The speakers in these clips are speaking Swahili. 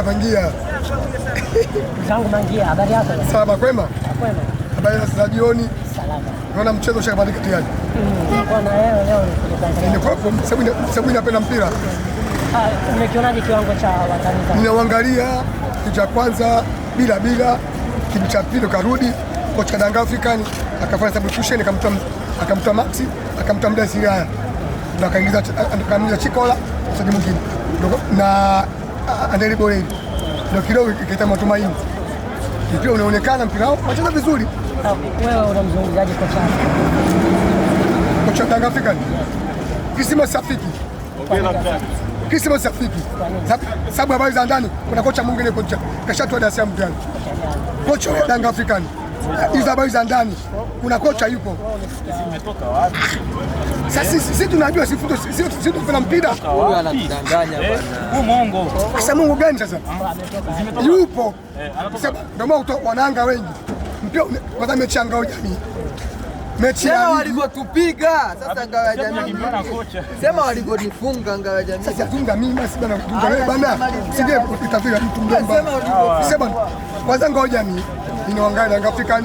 Mangia, Mangia zangu Mangia, habari yako? Salama, kwema? Kwema. Habari za jioni? Salama. Unaona mchezo ushakamata kati Sababu mpira. Ah, umekionaje kiwango cha Watanzania? kitu cha kwanza bila bila, kitu cha pili karudi kocha Danga African akafanya substitution akamtoa akamtoa Maxi akamtoa Mdasiri haya akaingiza akaingiza Chikola mchezaji mwingine na angalie hivi ndio kidogo ikileta matumaini, ikiwa unaonekana mpira wao unacheza vizuri. Ah, wewe unamzungumzaje kocha wako? Kocha Tanga African kisima safiki kisima safiki, sababu habari za ndani, kuna kocha mwingine kocha kashatoa darasa ya mtani, kocha wa Tanga African hizo habari za ndani, kuna kocha yupo. Sasa sisi tunajua sisi tunapenda mpira. Huyu anatudanganya bwana. Huyu mongo. Sasa mongo gani sasa? Yupo. Ndio maana wananga wengi. Mpira kwanza mechi yangao ngao jamii. Mechi ya walivyotupiga sasa ngao ya jamii. Sema walivyonifunga ngao ya jamii. Sasa funga mimi basi bana kutunga wewe bana. Sije utafika mtu mdomba. Sema kwanza ngao jamii. Inaangalia Afrika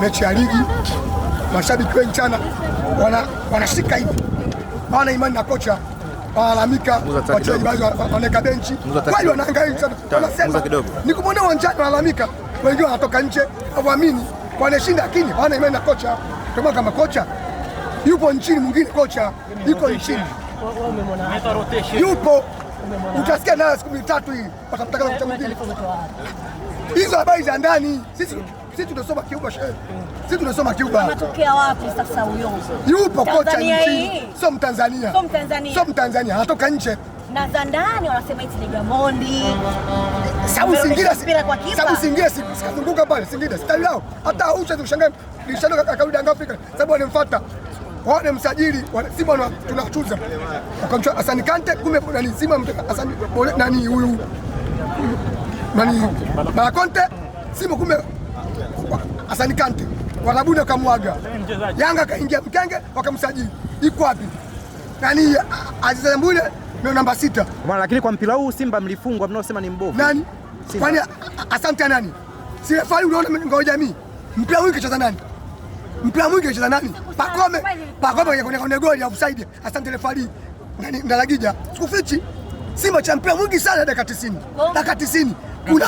mechi ya ligi. Mashabiki wengi sana wanashika hivi, wana imani na kocha, wanalalamika, wachezaji baadhi wanaweka benchi, kweli wanahangaika sana, wanasema nikumwona uwanjani, wanalalamika, wengine wanatoka nje, hawaamini wanashinda, lakini hawana imani na kocha. Kama kama kocha yupo nchini mwingine, kocha yuko nchini, yupo utasikia, nala siku mitatu hii watamtangaza kocha mwingine. Hizo habari za ndani sisi sisi tunasoma kiuba shehe. Sisi tunasoma kiuba. Anatokea wapi sasa huyo? Yupo kocha nchini. Sio Mtanzania. Sio Mtanzania. Sio Mtanzania, anatoka nje. Na za ndani wanasema eti ni Gamondi. Sababu Singida sababu Singida sikazunguka pale Singida. Sitalao. Hata ucha kushangaa nishando akarudi Yanga Afrika sababu walimfuata. Wale msajili Simba tunachuza. Akamchua Hassan Kante kumbe kuna Simba mtaka Hassan nani huyu? Nani? Barakonte Simba kumbe Hasani Kante, warabuni wakamwaga, Yanga akaingia mkenge, wakamsajili. Iko wapi nani? Aziz Nyambule namba sita bwana. Lakini kwa mpira huu Simba mlifungwa, mnaosema ni mbovu nani? Kwani asante nani? Si refari unaona ngao jamii. Mpira huu kacheza nani? Mpira huu kacheza nani? Pakome, Pakome kwenye kwenye goli ya offside. Asante refari. Nani ndalagija. Sikufichi. Simba cha mpira mwingi sana dakika 90. Dakika 90. Kuna,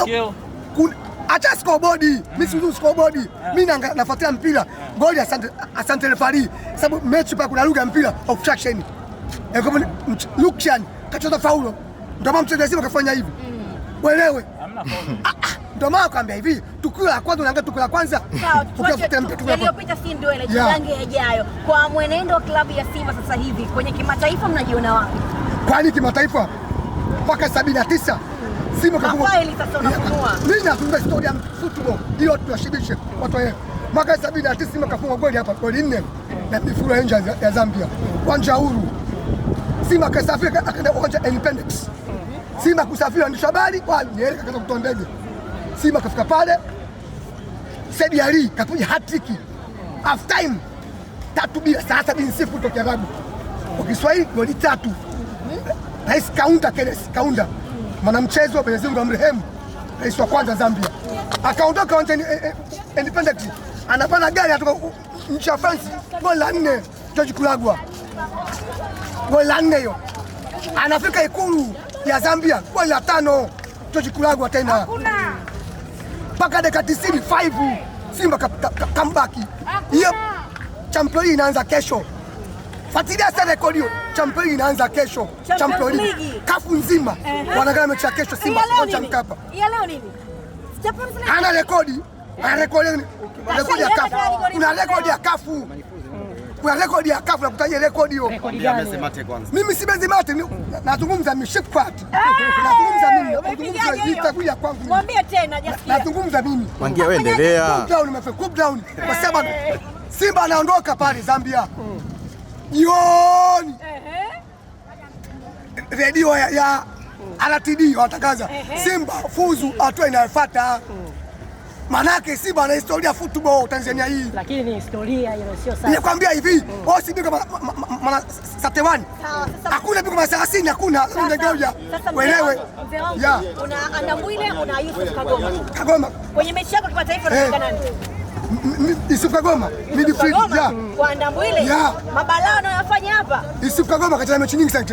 kuna acha scoreboard. Mimi si scoreboard. Mimi nafuatia mpira. Goli asante asante refari. Sababu mechi pa kuna lugha mpira obstruction. Eh, Kama Lucian kachota faulo. Ndio maana mchezaji lazima kafanya hivi. Mm. Uelewe. Hamna faulo. Ah, ah. Ndio maana akaambia hivi, tukio la kwanza unaangalia tukio la kwanza. Iliyopita si ndio ile jange ijayo. Kwa mwenendo wa klabu ya Simba sasa hivi kwenye kimataifa mnajiona wapi? Kwani kimataifa mpaka 79 Simu kakubwa. Mimi nazungumza historia football. Hiyo tuwashibishe watu wao. Mwaka 79 Simba kafungwa goli hapa goli nne na Bifula Rangers ya Zambia. Uwanja huru. Simba kasafiri akaenda uwanja Independence. Simba kusafiri waandishi habari kwa Nyerere akaanza kutoa ndege. Simba kafika pale. Said Ali kapiga hat-trick. Half time. Tatu bila saa saba bin sifu kutoka Arabu. Kwa Kiswahili goli tatu. Rais kaunda kelesi kaunda mwanamchezo wa Mwenyezi Mungu amrehemu, rais wa kwanza Zambia akaondoka wanjani eh, eh, independent, anapanda gari atoka nchi ya France, goli la nne George Kulagwa, goli la nne hiyo. Anafika ikulu ya Zambia, goli la tano George Kulagwa tena, mpaka dakika 95 Simba kambaki. Hiyo champion inaanza kesho. Fuatilia sasa rekodi hiyo. Champion inaanza kesho. Champion League. Kafu nzima. Wanaangalia mechi ya kesho Simba kwa Mkapa. Ya leo nini? Ana rekodi. Ana rekodi. Rekodi ya kafu. Kuna rekodi ya kafu. Kuna rekodi ya kafu nakutaje rekodi hiyo. Mimi si Benzema Mate nazungumza mimi mishipkwat. Ah! Nazungumza mimi. Nazungumza Itakuja kwangu. Mwambie tena jasikia. Nazungumza mimi. Mwangia wewe endelea. Cool down, cool down. Kwa sababu eh. Simba anaondoka pale Zambia. Mm jioni redio ya, ya RTD watatangaza Simba fuzu hatua inayofuata. Hmm. Manake Simba ana historia football Tanzania hii, lakini ni historia ile sio hmm. sasa. Nikwambia hivi wao si osibiko mara satewani hakuna biko mara 30 hakuna ngoja uelewe. Una Andabwile una Yusuf Kagoma Kagoma kwenye mechi yako kwa taifa unataka eh. nani? Isukagoma midfield ya kwa Ndambwile, mabalao anayofanya hapa. Isukagoma kacheza mechi nyingi sana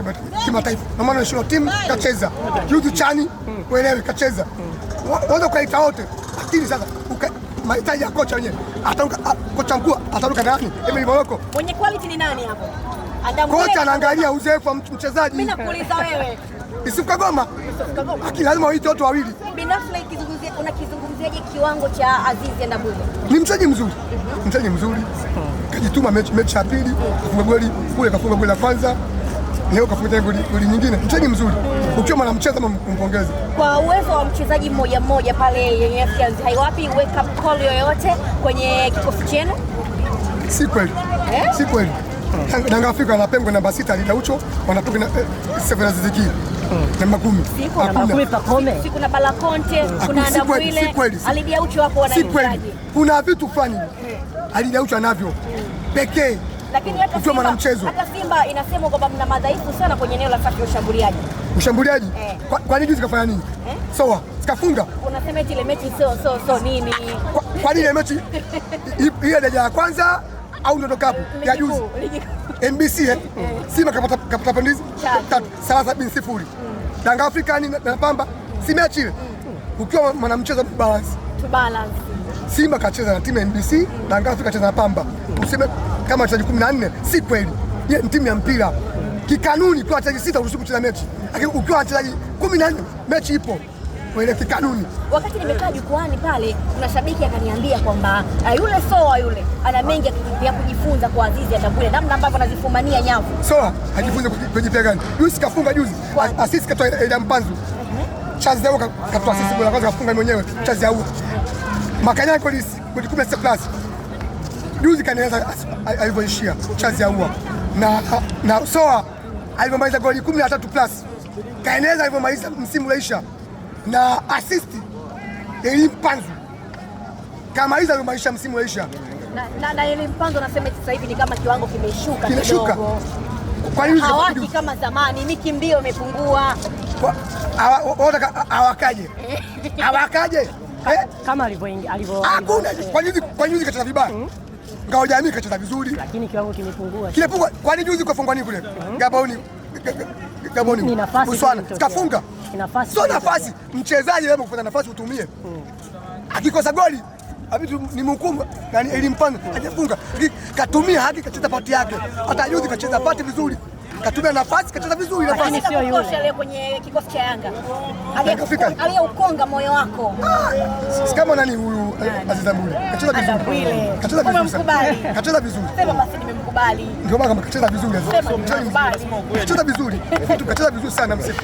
kimataifa, na maana anashinda timu, kacheza yuzu chani, uelewe, kacheza waweza ukaita wote, lakini sasa mahitaji ya kocha wenyewe, kocha mkuu ataruka nani? Emily Moroko, mwenye quality ni nani hapo? Kocha anaangalia uzoefu wa mchezaji. Mimi nakuuliza wewe, Isukagoma, akilazima uite watu wawili binafsi, unakizungumzia unachukuliaje kiwango cha Azizi Ndambule? Ni mchezaji mzuri, mchezaji mzuri, kajituma mechi ya pili, kafunga goli kule, kafunga goli la kwanza leo kafunga tena goli nyingine, mchezaji mzuri. Ukiwa mwana mwanamchezo mpongeze kwa uwezo wa mchezaji mmoja mmoja pale yenye Africans. Haiwapi wake up call yoyote kwenye kikosi chenu? Si kweli, eh? si kweli Yanga Afrika wanapengwa namba sita Lidaucho, wanapengwa eh, Severa Ziziki namba kumi. Si kweli, kuna vitu fani Alidaucho anavyo pekee Lakini hata ukiwa mchezo. Hata Simba inasemwa kwamba mna madhaifu sana kwenye eneo la ya ushambuliaji. Ushambuliaji eh. kwa nini kafanya nini? Eh? Sawa, Sikafunga. Unasema ile mechi so so so nini? Kwa nini ile mechi Hiyo daraja ya kwanza au Ndoto hapo ya juzi MBC eh? Mm. Simba kapata kapata pandizi tatu salasa bin sifuri mm. Yanga Afrika ni na Pamba si mechi ile, mm. ukiwa mwanamchezo balance to balance. Simba kacheza na timu ya MBC na Yanga Afrika kacheza na Pamba, useme kama wachezaji 14 si kweli. Ye ni timu ya mpira kikanuni, kwa wachezaji sita uruhusu kucheza mechi, lakini ukiwa wachezaji 14 mechi ipo tueleweke tu, tu, kanuni. Wakati nimekaa jukwani pale, kuna shabiki akaniambia kwamba ah, yule Soa yule ana mengi ya kujifunza kwa Azizi Atabwile, namna ambavyo anazifumania nyavu. Soa hajifunza kujipia gani? Juzi kafunga juzi, Asisi katoa ila mpanzu mhm. chazi ya uka katoa Asisi kwa kwanza kafunga mwenyewe chazi ya uka makanyako lisi kwenye kumi sita juzi kanieleza alivyoishia chazi ya uwa na, na Soa alivyomaliza goli 13 plus kaeneza alivyomaliza msimu uleisha na assist Elimpanzu kamaliza maisha msimu waisha na, na na nasema sasa hivi ni kama kiwango kimeshuka kimeshuka kama zamani, mikimbio imepungua, hawakaje hawakaje eh? kama alivyo. Hakuna kwa nyuzi kacheza vibaya hmm? ngao jamii kacheza vizuri, lakini kiwango kimepungua. Kimepungua kwa nini? Juzi kafungwa nini kule hmm? Gaboni? Gaboni ni nafasi, Botswana kafunga, sio nafasi mchezaji lazima kupata nafasi utumie, Hmm. akikosa goli abitu ni mhukumu na elimpanga hajafunga, katumia haki, kacheza pati yake. Hata juzi kacheza pati vizuri, katumia nafasi, kacheza vizuri nafasi. Sio yule kwenye kikosi cha Yanga aliyefika aliyeukonga moyo wako, ah, si kama nani huyu eh, Aziz Mbuli kacheza vizuri, kacheza vizuri, kacheza vizuri, sema basi nimemkubali, ndio maana kama kacheza vizuri, sema kacheza vizuri, kacheza vizuri sana msifu